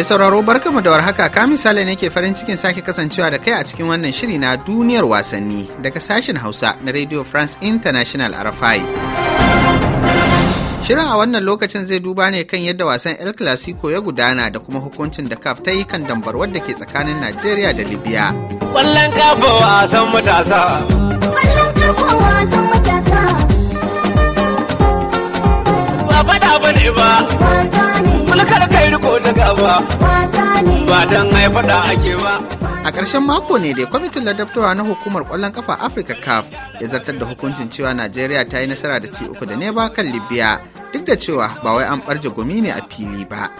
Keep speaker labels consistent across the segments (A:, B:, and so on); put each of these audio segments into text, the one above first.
A: Mai sauraro barkamu da warhaka ka misali ne ke farin cikin sake kasancewa da kai a cikin wannan shiri na duniyar wasanni daga sashen Hausa na Radio France International RFI. Shirin a wannan lokacin zai duba ne kan yadda wasan El Clasico ya gudana da kuma hukuncin da CAF ta yi kan dambar wadda ke tsakanin Najeriya da Libya. Kwallon kafa wasan matasa.
B: Kwallon kafa wasan matasa.
A: Ba faɗa bane ba. Wasan Mulkar kai riko gaba. Ba don ai ake ba. A ƙarshen mako ne dai kwamitin ladabtowa na hukumar ƙwallon kafa Africa CAF ya zartar da hukuncin cewa Najeriya ta yi nasara da ci uku da ne ba kan Libya duk da cewa ba wai an ɓarje gumi ne a fili ba.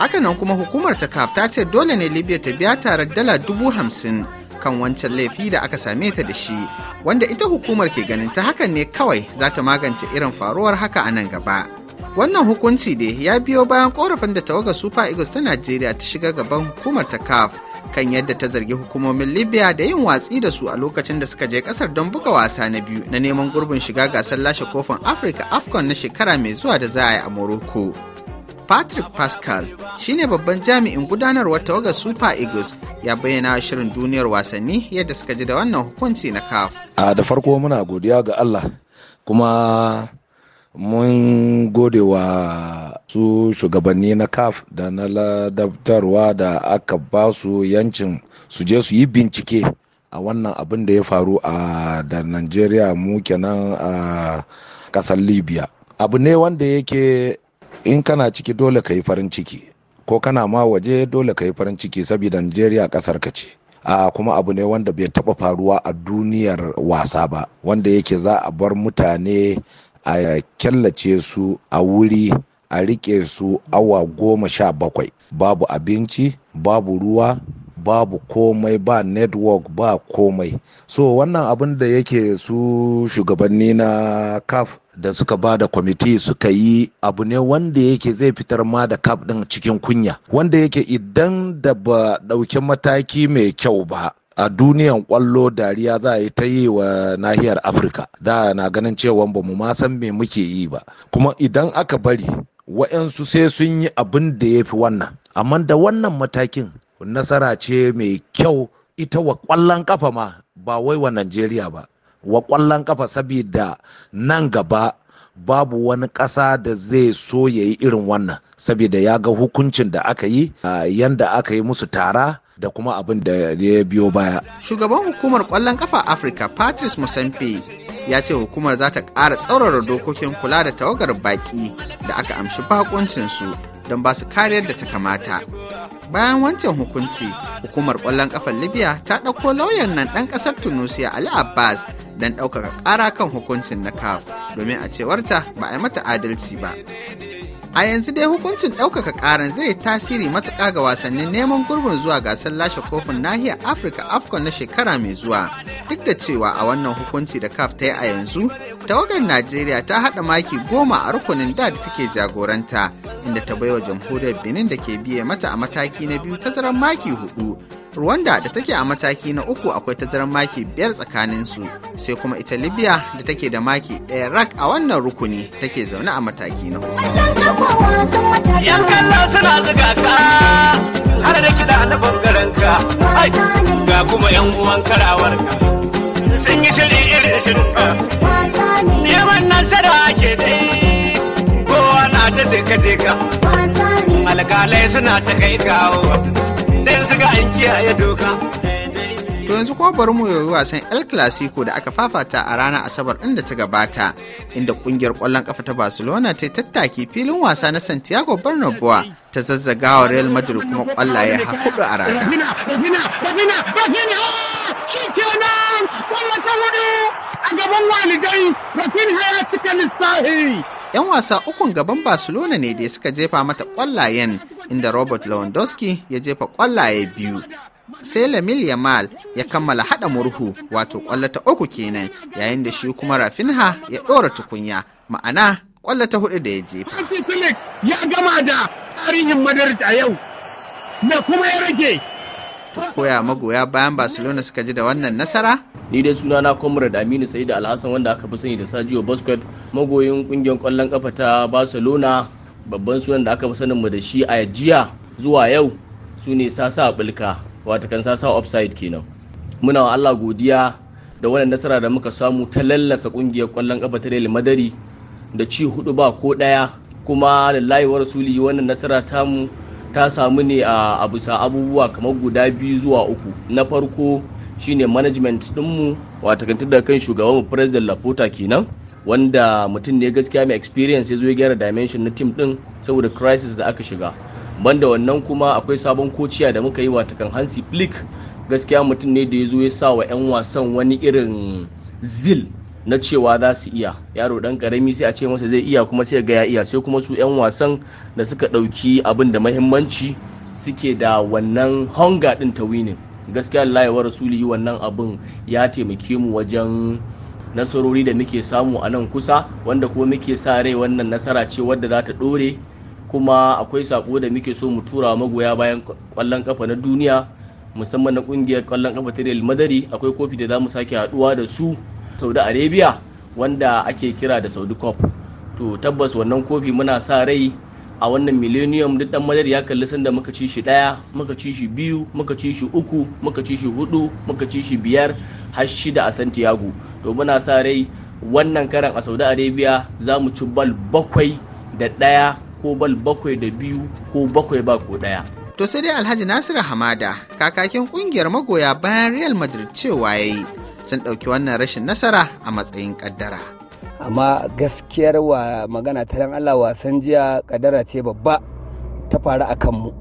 A: Hakanan kuma hukumar ta CAF ta ce dole ne Libya ta biya tarar dala dubu hamsin kan wancan laifi da aka same ta da shi wanda ita hukumar ke ganin ta hakan ne kawai za ta magance irin faruwar haka a nan gaba. Wannan hukunci ne ya biyo bayan korafin da tawaga Super Eagles ta Najeriya ta shiga gaban hukumar ta CAF kan yadda ta zargi hukumomin Libya da yin watsi da su a lokacin da suka je kasar don buga wasa na biyu na neman gurbin shiga gasar lashe kofin africa AFCON na shekara mai zuwa da za a yi a Morocco. Patrick Pascal shine babban jami'in gudanarwar tawagar Super Eagles ya bayyana shirin duniyar wasanni yadda suka ji da wannan hukunci na CAF.
C: A da farko muna godiya ga Allah kuma mun gode wa su shugabanni na caf da na ladabtarwa da aka ba su yancin su je su yi bincike a wannan abin da ya faru a da nigeria mu kenan a kasar libya abu ne wanda yake in kana ciki dole ka yi farin ciki ko kana ma waje dole ka yi farin ciki saboda nigeria kasar ka ce a kuma abu ne wanda bai taba faruwa a duniyar wasa ba wanda yake za a bar mutane a kyallace su a wuri a rike su awa goma sha bakwai babu abinci babu ruwa babu komai ba network ba komai so wannan abin da yake su shugabanni na caf da suka ba da kwamiti suka yi abu ne wanda yake zai fitar ma da kaf din cikin kunya wanda yake idan da ba ɗauki mataki mai kyau ba a duniyan kwallo dariya za a yi ta yi wa nahiyar afirka da na ganin cewa ba mu ma san me muke yi ba kuma idan aka bari wa'yansu sai sun yi abin da ya fi wannan amma da wannan matakin nasara ce mai kyau ita wa kwallon kafa ma ba wai wa najeriya ba wa kwallon kafa sabida nan gaba babu wani ƙasa da zai so ya yi irin wannan saboda ya ga hukuncin da aka yi yanda aka yi musu tara da kuma abin da ya biyo baya. Shugaban hukumar kwallon kafa Afirka Patrice Musampe ya ce hukumar za ta
A: ƙara tsaurara dokokin kula da tawagar baƙi da aka amshi bakuncinsu don ba su kariyar da ta kamata. Bayan wancan hukunci, hukumar ƙwallon ƙafar Libya ta ɗauko lauyan nan ɗan ƙasar Tunusia Ali Abbas don ɗaukaka ƙara kan hukuncin na CAF domin a cewarta ba a yi mata adalci ba. A yanzu dai hukuncin ɗaukaka ƙaran zai tasiri matuƙa ga wasannin neman gurbin zuwa gasar lashe kofin nahiyar Afirka Afcon na shekara mai zuwa. Duk da cewa a wannan hukunci da CAF ta yi a yanzu, tawagar Najeriya ta haɗa maki goma a rukunin da da take jagoranta, inda ta baiwa jamhuriyar Benin da ke biye mata a mataki na biyu tazarar maki hudu. Rwanda da take a mataki na uku akwai tazarar maki biyar tsakaninsu sai kuma ita Libya da take da maki ɗaya rak a wannan rukuni take zaune a mataki na hudu.
C: kalla
B: suna zuga har
A: na bangaren ka ga
C: kuma yan uwan karawar
B: ka sun yi shiri iri shirin ka. Neman nasara ake dai kowa na ta jeka jeka Alkalai suna ta kai kawo. to
A: yanzu kuma bari mu yi wasan El Clasico da aka fafata a ranar Asabar ɗin da ta gabata inda ƙungiyar ƙwallon ƙafa ta Barcelona ta yi tattaki filin wasa na Santiago Bernabeu ta zazzagawa Real Madrid kuma ƙwallaye har hudu a rana. Oh, gaban walidai Rafinha ya cika lissahi. 'Yan wasa ukun gaban Barcelona ne da suka jefa mata kwallayen inda Robert Lewandowski ya jefa kwallaye biyu. Sai Lamil Yamal ya kammala haɗa murhu wato ƙwallo ta uku kenan yayin da shi kuma Rafinha ya ɗora tukunya ma'ana ƙwallo ta hudu da ya jefa. ya gama da
B: tarihin Madrid a yau. Me kuma ya rage
A: koya magoya bayan
D: barcelona suka ji da wannan nasara ni dai suna na comrade aminu sa'idu alhassan wanda aka fi sani da sajiyo basket magoyin kungiyar kwallon kafa ta barcelona babban sunan da aka fi sanin mu da shi a jiya zuwa yau su ne sasa bulka wata kan sasa offside kenan muna wa allah godiya da wannan nasara da muka samu ta lallasa kungiyar kwallon kafa ta real madari da ci hudu ba ko daya kuma da layuwar suli wannan nasara tamu ta samu ne a bisa abubuwa kamar guda biyu zuwa uku na farko shine management dinmu wata kantar da kan shugaban president laporta kenan wanda mutum ne gaskiya mai experience ya zo ya gyara dimension na team din saboda crisis da aka shiga banda wannan kuma akwai sabon kociya da muka yi wata kan hansi flick gaskiya mutum ne da ya zo ya sa wa 'yan wasan wani irin zil na cewa za su iya yaro dan karami sai a ce masa zai iya kuma sai ga ya iya sai kuma su 'yan wasan da suka ɗauki abin da mahimmanci suke da wannan honga din ta winning gaskiya Allah wa rasuli wannan abin ya taimake mu wajen nasarori da muke samu a nan kusa wanda kuma muke sa rai wannan nasara ce wadda za ta dore kuma akwai sako da muke so mu tura magoya bayan kwallon kafa na duniya musamman na kungiyar kwallon kafa ta Real Madari akwai kofi da za mu sake haduwa da su saudi arabia wanda ake kira da saudi cup to tabbas wannan kofi muna sa rai a wannan millennium duk dan madar ya kalli sanda muka ci shi daya muka ci shi biyu muka ci shi uku muka ci shi hudu muka ci shi biyar har shida a santiago to muna sa rai wannan karan a saudi arabia za mu ci bal bakwai da daya ko bal bakwai da biyu
A: ko bakwai ba ko daya to sai dai alhaji nasiru hamada kakakin kungiyar magoya bayan real madrid cewa ya sun ɗauki wannan rashin nasara a matsayin ƙaddara.
B: amma gaskiyar wa magana ta dan Allah wasan jiya ƙaddara ce babba ta faru a kanmu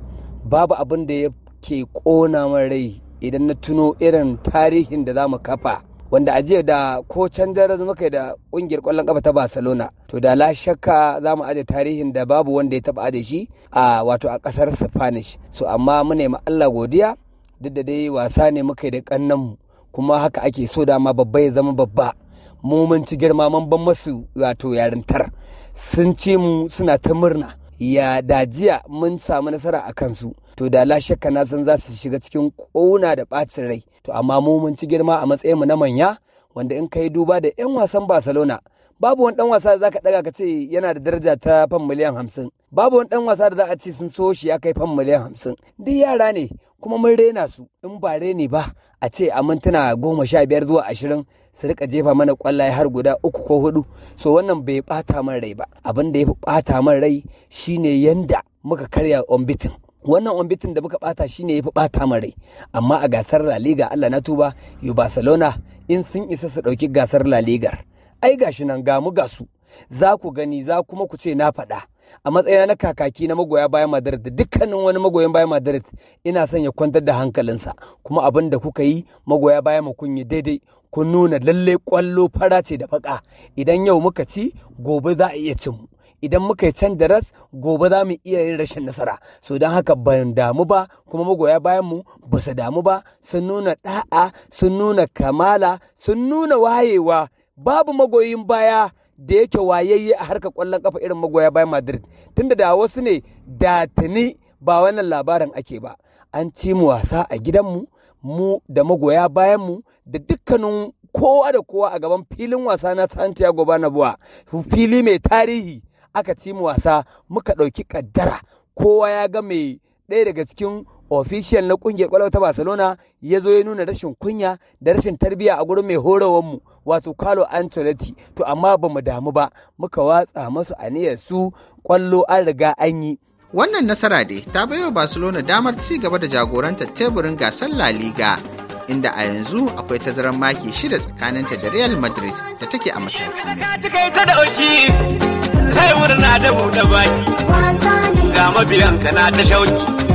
B: babu abin da ya ke ƙona min rai idan na tuno irin tarihin da za mu kafa wanda a jiya da ko can da muka da ƙungiyar ƙwallon ƙafa ta barcelona to da la shakka za mu aje tarihin da babu wanda ya taɓa aje shi a wato a ƙasar spanish so amma mu ma allah godiya duk da dai wasa ne muka yi da kannan kuma haka ake so dama babba ya zama babba mu mun ci girma mun ban masu wato yarintar sun ce mu suna ta murna ya dajiya mun samu nasara a kansu to da la shakka na san za su shiga cikin ƙona da bacin rai to amma mu mun ci girma a matsayin mu na manya wanda in kai duba da 'yan wasan Barcelona babu wani dan wasa da zaka daga ka ce yana da daraja ta fan miliyan hamsin babu wani dan wasa da za a ce sun so shi ya kai fan miliyan hamsin duk yara ne kuma mun rena su in ba reni ba a ce a mintuna goma sha biyar zuwa ashirin su rika jefa mana kwallaye har guda uku ko hudu so wannan bai bata man rai ba abin da ya fi bata man rai shine yanda muka karya ombitin wannan ombitin da muka bata shine ya fi bata man rai amma a gasar la liga Allah na tuba yu barcelona in sun isa su dauki gasar la ligar ai gashi nan ga mu gasu za ku gani za kuma ku ce na faɗa a matsayina na kakaki na magoya bayan Madrid dukkanin wani magoyan bayan Madrid ina son ya kwantar da hankalinsa kuma abin da kuka yi magoya bayan mu yi daidai kun nuna lalle kwallo fara ce da faka idan yau muka ci gobe za a iya cin idan muka yi can da ras gobe za mu iya yin rashin nasara so don haka ban damu ba kuma magoya bayan mu ba su damu ba sun nuna da'a sun nuna kamala sun nuna wayewa babu magoyin baya da yake wayayye a harkar kwallon kafa irin magoya bayan Madrid tunda da wasu ne da tuni ba wannan labarin ake ba an ci mu wasa a gidanmu mu da magoya bayanmu da dukkanin kowa da kowa a gaban filin wasa na Santiago Bernabeu fili mai tarihi aka ci mu wasa muka ɗauki kaddara kowa ya ga mai ɗaya daga cikin official na kungiyar kwallo ta Barcelona ya zo ya nuna rashin kunya da rashin tarbiyya a gurin mai horowar mu wato Carlo Ancelotti to amma ba mu
A: damu ba muka watsa masu aniyar su kwallo an riga an yi wannan nasara dai ta baiwa Barcelona damar ci gaba da jagorantar teburin gasar La Liga inda a yanzu akwai tazaran maki shida tsakaninta da Real Madrid da take a mataki
B: ne. Zai wurna da bude baki, ga mabiyanka na ta shauki.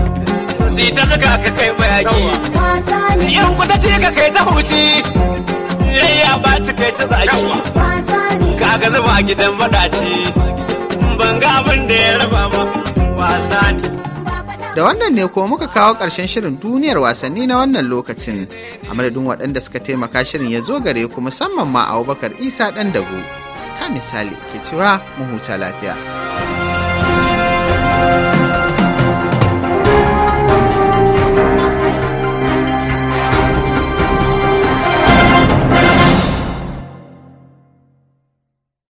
B: si ta zuga ka kai mayaki yan kuta ce ka kai ta huci Yaya eh, ba ci kai ta zaki ka zuba gidan madaci ban ga abin da ya raba ma wasa ne
A: Da wannan ne ko muka kawo ƙarshen shirin duniyar wasanni na wannan lokacin, a madadin waɗanda suka taimaka shirin ya zo gare ku musamman ma Abubakar Isa ɗan dago, ta misali ke cewa mu huta lafiya.